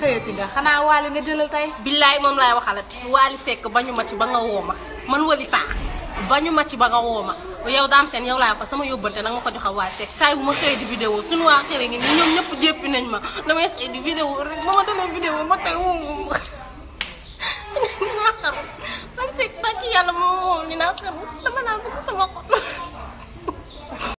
xëyati nga xanaa waali nga jëlal tey. billaay moom laay waxalati waali sekk bañu ma ci ba nga woo ma man wali taa bañu ma ci ba nga woo ma yow daam seen yow laay wax sama yóbbante nag ma ko joxe waali sekk saa bu ma xëy di vidéo suñu waa xëy ngi nii ñoom ñëpp jéppi nañ ma damay xëy di vidéo rek ba ma demee vidéo ma tey woo ma dinaa xaru man sekk yàlla moom moom dinaa xaru dama naa bëgg sama xol